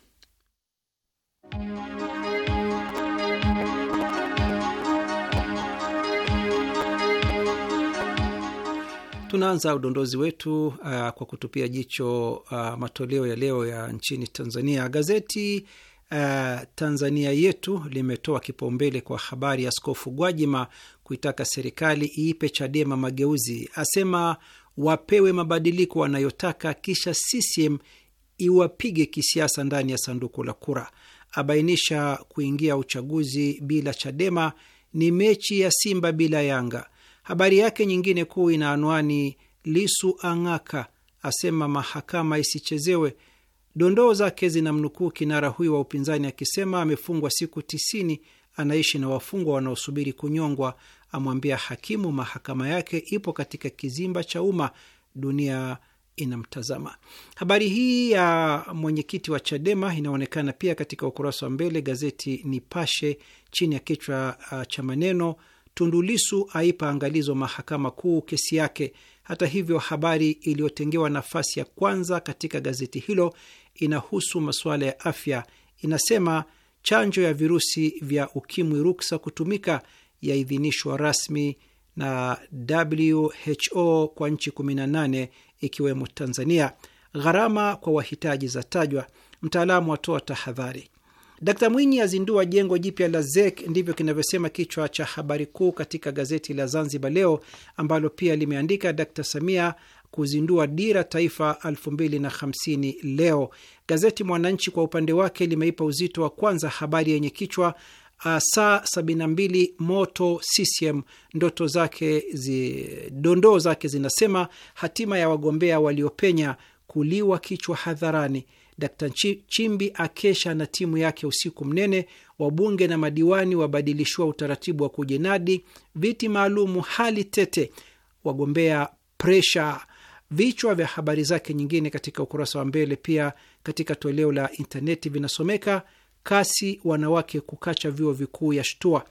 Tunaanza udondozi wetu uh, kwa kutupia jicho uh, matoleo ya leo ya nchini Tanzania. Gazeti uh, Tanzania Yetu limetoa kipaumbele kwa habari ya Askofu Gwajima kuitaka serikali iipe Chadema mageuzi, asema wapewe mabadiliko wanayotaka, kisha CCM iwapige kisiasa ndani ya sanduku la kura, abainisha kuingia uchaguzi bila Chadema ni mechi ya Simba bila Yanga Habari yake nyingine kuu ina anwani Lisu ang'aka, asema mahakama isichezewe. Dondoo zake zinamnukuu kinara huyo wa upinzani akisema amefungwa siku tisini, anaishi na wafungwa wanaosubiri kunyongwa, amwambia hakimu mahakama yake ipo katika kizimba cha umma, dunia inamtazama. Habari hii ya mwenyekiti wa Chadema inaonekana pia katika ukurasa wa mbele gazeti Nipashe chini ya kichwa uh, cha maneno Tundulisu aipa angalizo mahakama kuu kesi yake. Hata hivyo, habari iliyotengewa nafasi ya kwanza katika gazeti hilo inahusu masuala ya afya. Inasema chanjo ya virusi vya ukimwi ruksa kutumika yaidhinishwa rasmi na WHO kwa nchi 18 ikiwemo Tanzania. Gharama kwa wahitaji za tajwa. Mtaalamu atoa tahadhari. Dkt Mwinyi azindua jengo jipya la ZEK, ndivyo kinavyosema kichwa cha habari kuu katika gazeti la Zanzibar Leo, ambalo pia limeandika Dkt Samia kuzindua dira taifa 2050 leo. Gazeti Mwananchi kwa upande wake limeipa uzito wa kwanza habari yenye kichwa saa 72 moto CCM, ndoto zake zi, dondoo zake zinasema hatima ya wagombea waliopenya kuliwa kichwa hadharani Dkt Chimbi akesha na timu yake usiku mnene. Wabunge na madiwani wabadilishiwa utaratibu wa kujinadi, viti maalumu hali tete, wagombea presha. Vichwa vya habari zake nyingine katika ukurasa wa mbele, pia katika toleo la intaneti vinasomeka: kasi wanawake kukacha vyuo vikuu ya shtua,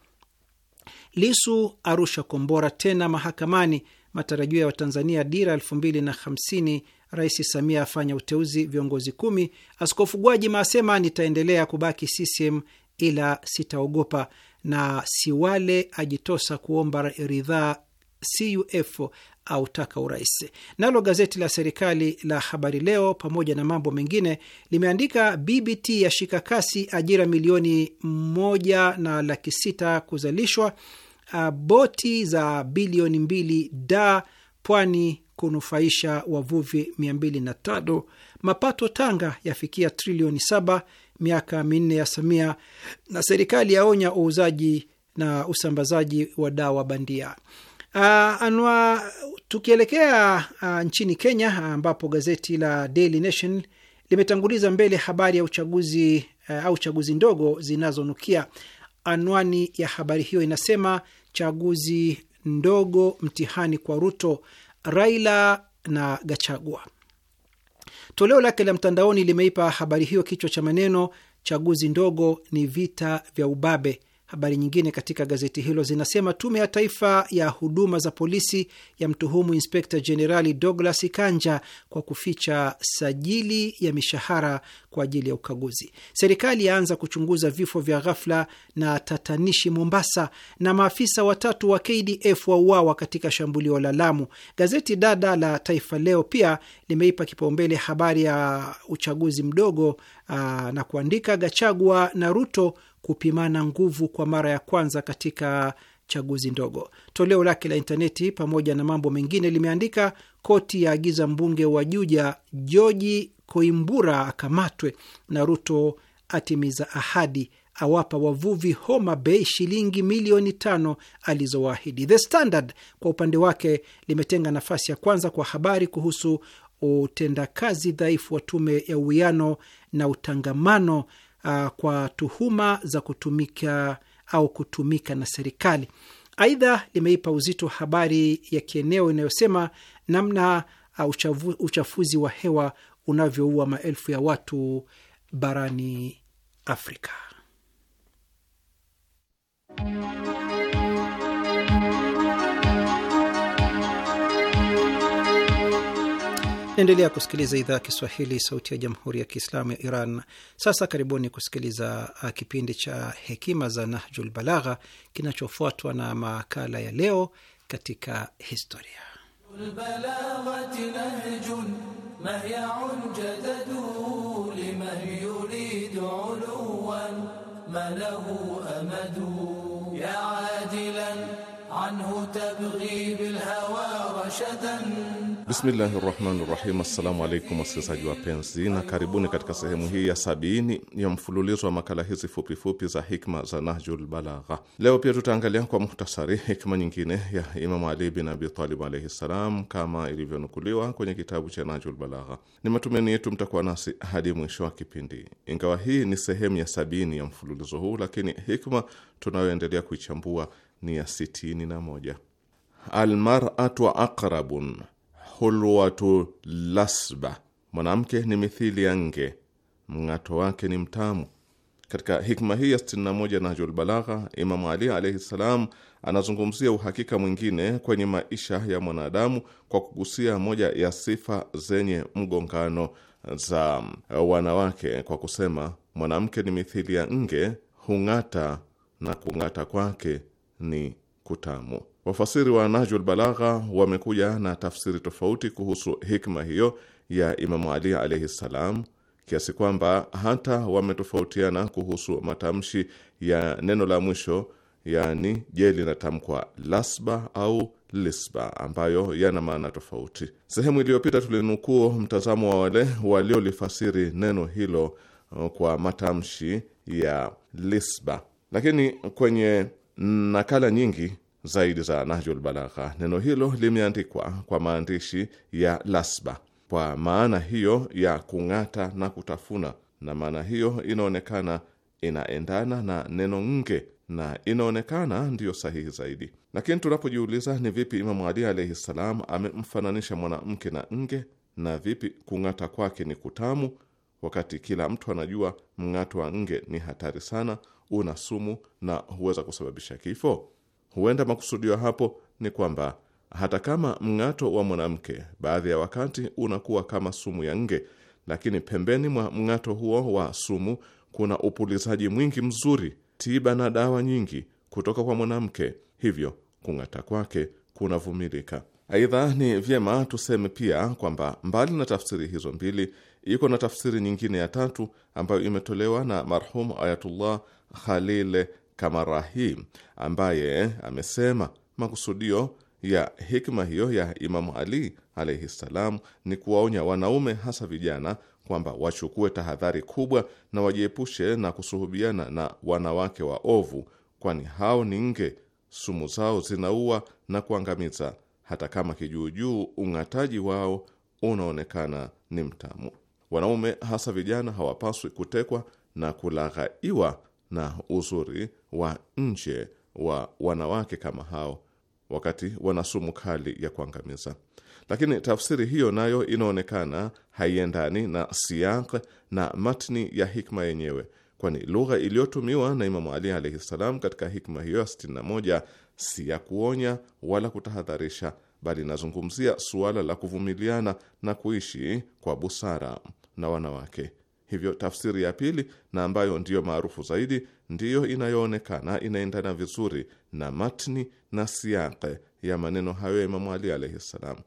Lisu arusha kombora tena mahakamani, matarajio ya Watanzania dira 2050 Rais Samia afanya uteuzi viongozi kumi. Askofu Gwajima asema nitaendelea kubaki CCM ila sitaogopa, na Siwale ajitosa kuomba ridhaa CUF autaka urais. Nalo gazeti la serikali la Habari Leo pamoja na mambo mengine limeandika BBT yashika kasi, ajira milioni moja na laki sita kuzalishwa, boti za bilioni mbili da pwani kunufaisha wavuvi 205. Mapato Tanga yafikia trilioni 7 miaka minne ya Samia, na serikali yaonya uuzaji na usambazaji wa dawa bandia. Uh, anwa tukielekea uh, nchini Kenya ambapo gazeti la Daily Nation limetanguliza mbele habari ya uchaguzi uh, au chaguzi ndogo zinazonukia. Anwani ya habari hiyo inasema chaguzi ndogo mtihani kwa Ruto. Raila na Gachagua. Toleo lake la mtandaoni limeipa habari hiyo kichwa cha maneno, chaguzi ndogo ni vita vya ubabe Habari nyingine katika gazeti hilo zinasema tume ya taifa ya huduma za polisi ya mtuhumu inspekta jenerali Douglas Kanja kwa kuficha sajili ya mishahara kwa ajili ya ukaguzi. Serikali yaanza kuchunguza vifo vya ghafla na tatanishi Mombasa, na maafisa watatu wa KDF wauawa katika shambulio la Lamu. Gazeti dada la Taifa Leo pia limeipa kipaumbele habari ya uchaguzi mdogo aa, na kuandika Gachagua na Ruto kupimana nguvu kwa mara ya kwanza katika chaguzi ndogo. Toleo lake la intaneti, pamoja na mambo mengine, limeandika koti ya agiza mbunge wa Juja Joji Koimbura akamatwe na Ruto atimiza ahadi awapa wavuvi Homa Bay shilingi milioni tano alizowaahidi. The Standard kwa upande wake limetenga nafasi ya kwanza kwa habari kuhusu utendakazi dhaifu wa tume ya uwiano na utangamano uh, kwa tuhuma za kutumika au kutumika na serikali. Aidha, limeipa uzito habari ya kieneo inayosema namna uh, uchavu, uchafuzi wa hewa unavyoua maelfu ya watu barani Afrika. Naendelea kusikiliza idhaa ya Kiswahili, sauti ya jamhuri ya kiislamu ya Iran. Sasa karibuni kusikiliza ah, kipindi cha hekima za Nahjul Balagha kinachofuatwa na makala ya leo katika historia. Bismillahi rahmani rahim. Assalamu alaikum wasikilizaji wapenzi, na karibuni katika sehemu hii ya sabini ya mfululizo wa makala hizi fupifupi za hikma za Nahjul Balagha. Leo pia tutaangalia kwa muhtasari hikma nyingine ya Imamu Ali bin Abi Talib alaihi ssalam, kama ilivyonukuliwa kwenye kitabu cha Nahjul Balagha. Ni matumaini yetu mtakuwa nasi hadi mwisho wa kipindi. Ingawa hii ni sehemu ya sabini ya mfululizo huu, lakini hikma tunayoendelea kuichambua ni ya sitini na moja almaratu aqrabun hulwatu lasba, mwanamke ni mithili ya nge, mng'ato wake ni mtamu. Katika hikma hii ya 61 Nahjul Balagha, Imamu Ali alaihi ssalam anazungumzia uhakika mwingine kwenye maisha ya mwanadamu kwa kugusia moja ya sifa zenye mgongano za wanawake kwa kusema, mwanamke ni mithili ya nge, hung'ata na kung'ata kwake ni kutamu. Wafasiri wa Nahjul Balagha wamekuja na tafsiri tofauti kuhusu hikma hiyo ya Imamu Ali alaihi ssalam, kiasi kwamba hata wametofautiana kuhusu matamshi ya neno la mwisho, yaani je, linatamkwa lasba au lisba, ambayo yana maana tofauti. Sehemu iliyopita tulinukuu mtazamo wa wale waliolifasiri neno hilo uh, kwa matamshi ya lisba, lakini kwenye nakala nyingi zaidi za Nahjul Balagha, neno hilo limeandikwa kwa maandishi ya lasba, kwa maana hiyo ya kung'ata na kutafuna, na maana hiyo inaonekana inaendana na neno nge na inaonekana ndiyo sahihi zaidi. Lakini tunapojiuliza ni vipi Imamu Ali alaihi ssalam amemfananisha mwanamke na nge, na vipi kung'ata kwake ni kutamu, wakati kila mtu anajua mng'ato wa nge ni hatari sana, una sumu na huweza kusababisha kifo? Huenda makusudio hapo ni kwamba hata kama mng'ato wa mwanamke baadhi ya wakati unakuwa kama sumu ya nge, lakini pembeni mwa mng'ato huo wa sumu kuna upulizaji mwingi mzuri, tiba na dawa nyingi kutoka kwa mwanamke, hivyo kung'ata kwake kunavumilika. Aidha, ni vyema tuseme pia kwamba mbali na tafsiri hizo mbili, iko na tafsiri nyingine ya tatu ambayo imetolewa na marhum Ayatullah Khalil Rahim ambaye amesema makusudio ya hikma hiyo ya Imamu Ali alaihi ssalam ni kuwaonya wanaume hasa vijana kwamba wachukue tahadhari kubwa na wajiepushe na kusuhubiana na wanawake waovu, kwani hao ni nge, sumu zao zinaua na kuangamiza, hata kama kijuujuu ung'ataji wao unaonekana ni mtamu. Wanaume hasa vijana hawapaswi kutekwa na kulaghaiwa na uzuri wa nje wa wanawake kama hao, wakati wana sumu kali ya kuangamiza. Lakini tafsiri hiyo nayo inaonekana haiendani na siaq na matni ya hikma yenyewe, kwani lugha iliyotumiwa na Imamu Ali alaihi ssalam katika hikma hiyo ya 61 si ya kuonya wala kutahadharisha, bali inazungumzia suala la kuvumiliana na kuishi kwa busara na wanawake. Hivyo tafsiri ya pili na ambayo ndiyo maarufu zaidi ndiyo inayoonekana inaendana vizuri na matni na siaqe ya maneno hayo ya Imamu Ali alaihi ssalam.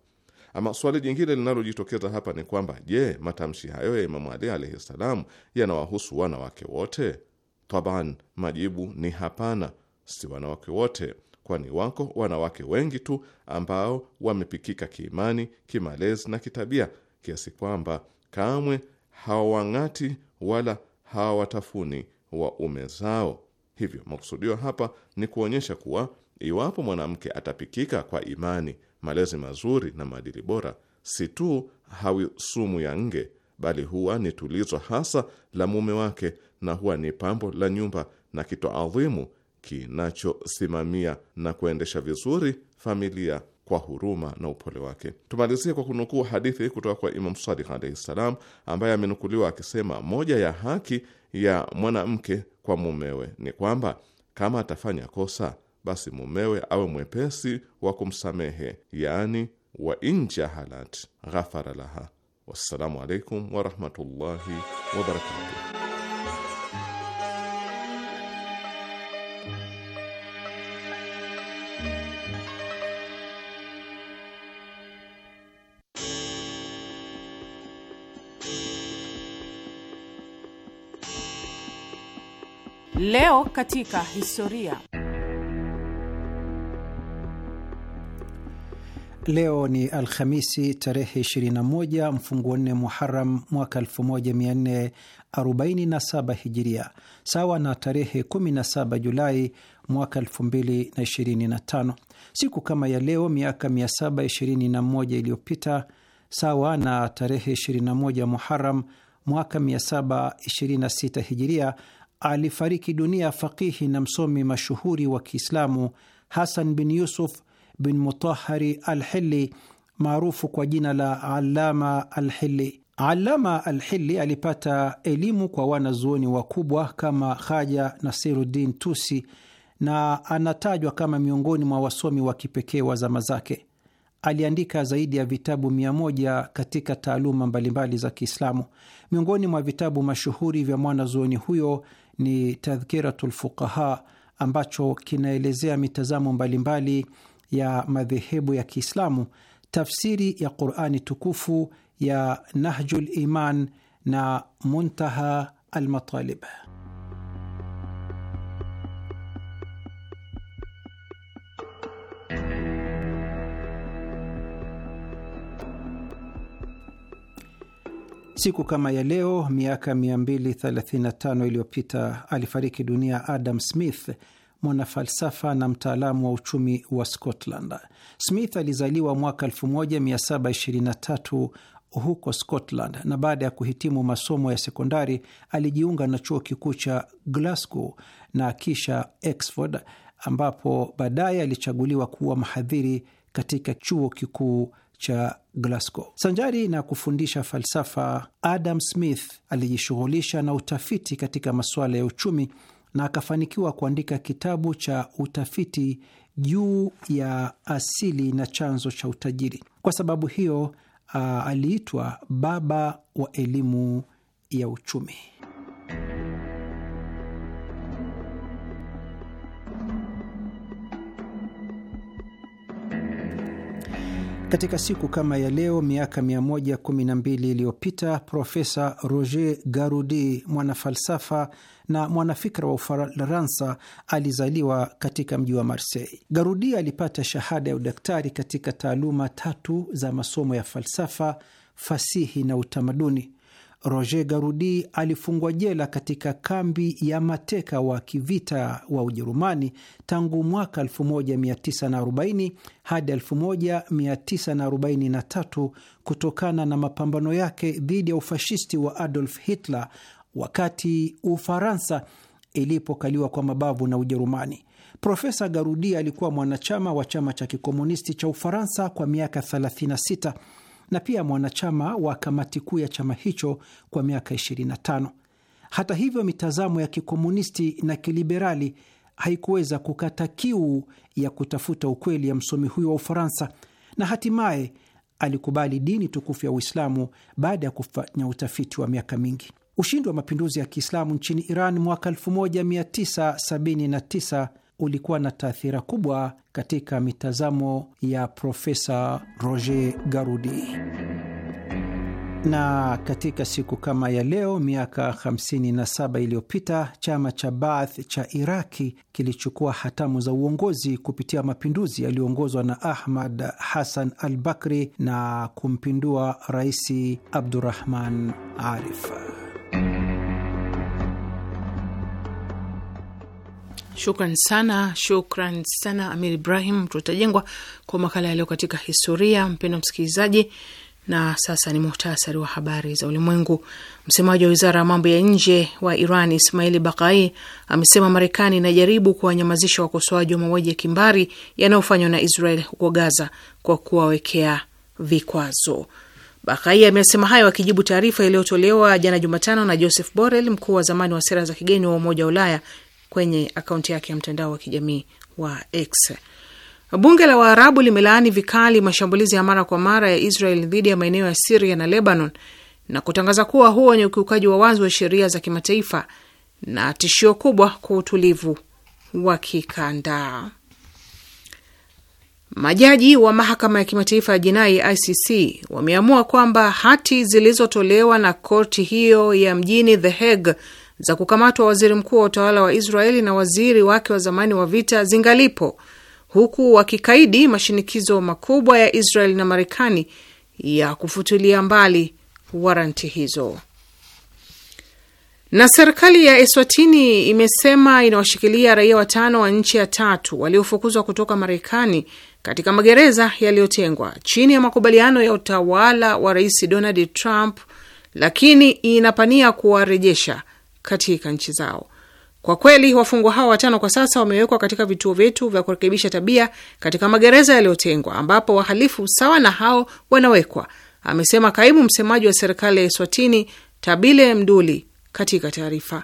Ama swali jingine linalojitokeza hapa ni kwamba je, matamshi hayo ya Imamu Ali alaihi ssalam yanawahusu wanawake wote? Taban, majibu ni hapana, si wanawake wote, kwani wako wanawake wengi tu ambao wamepikika kiimani, kimalezi na kitabia kiasi kwamba kamwe hawang'ati wala hawatafuni waume zao. Hivyo makusudio hapa ni kuonyesha kuwa iwapo mwanamke atapikika kwa imani, malezi mazuri na maadili bora, si tu hawi sumu ya nge, bali huwa ni tulizo hasa la mume wake na huwa ni pambo la nyumba na kito adhimu kinachosimamia na kuendesha vizuri familia kwa huruma na upole wake. Tumalizie kwa kunukuu hadithi kutoka kwa Imam Sadiq alaihi ssalam, ambaye amenukuliwa akisema, moja ya haki ya mwanamke kwa mumewe ni kwamba kama atafanya kosa, basi mumewe awe mwepesi wa kumsamehe, yaani wa halat ghafara laha. Wassalamu alaikum warahmatullahi wabarakatuh. Leo katika historia. Leo ni Alhamisi tarehe 21 mfunguo nne Muharam mwaka 1447 Hijiria, sawa na tarehe 17 Julai mwaka 2025. Siku kama ya leo miaka 721 iliyopita, sawa na tarehe 21 Muharam mwaka 726 Hijiria, alifariki dunia faqihi na msomi mashuhuri wa Kiislamu Hasan bin Yusuf bin Mutahari Alhili maarufu kwa jina la Alama Alhili. Alama Alhili alipata elimu kwa wanazuoni wakubwa kama Haja Nasiruddin Tusi na anatajwa kama miongoni mwa wasomi wa kipekee wa zama zake. Aliandika zaidi ya vitabu mia moja katika taaluma mbalimbali za Kiislamu. Miongoni mwa vitabu mashuhuri vya mwanazuoni huyo ni Tadhkiratu lfuqaha ambacho kinaelezea mitazamo mbalimbali ya madhehebu ya Kiislamu, tafsiri ya Qurani tukufu ya Nahjul Iman na Muntaha Almatalib. Siku kama ya leo miaka 235 iliyopita alifariki dunia Adam Smith, mwanafalsafa na mtaalamu wa uchumi wa Scotland. Smith alizaliwa mwaka 1723 huko Scotland na baada ya kuhitimu masomo ya sekondari alijiunga na chuo kikuu cha Glasgow na kisha Oxford, ambapo baadaye alichaguliwa kuwa mhadhiri katika chuo kikuu cha Glasgow. Sanjari na kufundisha falsafa, Adam Smith alijishughulisha na utafiti katika masuala ya uchumi na akafanikiwa kuandika kitabu cha utafiti juu ya asili na chanzo cha utajiri. Kwa sababu hiyo, aliitwa baba wa elimu ya uchumi. Katika siku kama ya leo miaka 112 iliyopita Profesa Roger Garudi, mwanafalsafa na mwanafikra wa Ufaransa, alizaliwa katika mji wa Marseille. Garudi alipata shahada ya udaktari katika taaluma tatu za masomo ya falsafa, fasihi na utamaduni. Roger Garudi alifungwa jela katika kambi ya mateka wa kivita wa Ujerumani tangu mwaka 1940 hadi 1943 kutokana na mapambano yake dhidi ya ufashisti wa Adolf Hitler wakati Ufaransa ilipokaliwa kwa mabavu na Ujerumani. Profesa Garudi alikuwa mwanachama wa chama cha kikomunisti cha Ufaransa kwa miaka 36 na pia mwanachama wa kamati kuu ya chama hicho kwa miaka 25. Hata hivyo, mitazamo ya kikomunisti na kiliberali haikuweza kukata kiu ya kutafuta ukweli ya msomi huyo wa Ufaransa, na hatimaye alikubali dini tukufu ya Uislamu baada ya kufanya utafiti wa miaka mingi. Ushindi wa mapinduzi ya Kiislamu nchini Iran mwaka 1979 ulikuwa na taathira kubwa katika mitazamo ya Profesa Roger Garudi. Na katika siku kama ya leo miaka 57 iliyopita chama cha Baath cha Iraki kilichukua hatamu za uongozi kupitia mapinduzi yaliyoongozwa na Ahmad Hassan al Bakri na kumpindua Rais Abdurahman Arif. Shukran sana, shukran sana Amir Ibrahim. Tutajengwa kwa makala yaliyo katika historia, mpendo msikilizaji. Na sasa ni muhtasari wa habari za ulimwengu. Msemaji wa wizara ya mambo ya nje wa Iran Ismaili Bakai amesema Marekani inajaribu kuwanyamazisha wakosoaji wa mauaji ya kimbari yanayofanywa na Israel huko Gaza kwa kuwawekea vikwazo. Bakai amesema hayo akijibu taarifa iliyotolewa jana Jumatano na Joseph Borrell, mkuu wa zamani wa sera za kigeni wa Umoja wa Ulaya kwenye akaunti yake ya mtandao wa kijamii wa X. Bunge la Waarabu limelaani vikali mashambulizi ya mara kwa mara ya Israel dhidi ya maeneo ya Siria na Lebanon na kutangaza kuwa huo ni ukiukaji wa wazi wa sheria za kimataifa na tishio kubwa kwa utulivu wa kikanda. Majaji wa mahakama ya kimataifa ya jinai ICC wameamua kwamba hati zilizotolewa na korti hiyo ya mjini The Hague za kukamatwa waziri mkuu wa utawala wa Israeli na waziri wake wa zamani wa vita zingalipo, huku wakikaidi mashinikizo makubwa ya Israeli na Marekani ya kufutulia mbali waranti hizo. Na serikali ya Eswatini imesema inawashikilia raia watano wa nchi ya tatu waliofukuzwa kutoka Marekani katika magereza yaliyotengwa chini ya makubaliano ya utawala wa Rais Donald Trump, lakini inapania kuwarejesha katika nchi zao. Kwa kweli wafungwa hao watano kwa sasa wamewekwa katika vituo vyetu vya kurekebisha tabia katika magereza yaliyotengwa, ambapo wahalifu sawa na hao wanawekwa, amesema kaimu msemaji wa serikali ya Eswatini Tabile Mduli katika taarifa.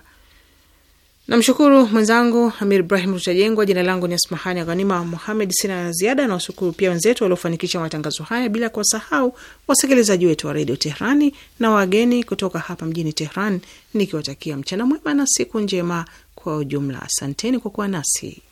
Namshukuru mwenzangu Amir Ibrahim Rutajengwa. Jina langu ni Asmahani Ghanima Muhamed. Sina na ziada. Nawashukuru pia wenzetu waliofanikisha matangazo haya, bila kuwasahau wasikilizaji wetu wa redio Tehrani na wageni kutoka hapa mjini Tehran, nikiwatakia mchana mwema na siku njema kwa ujumla. Asanteni kwa kuwa nasi.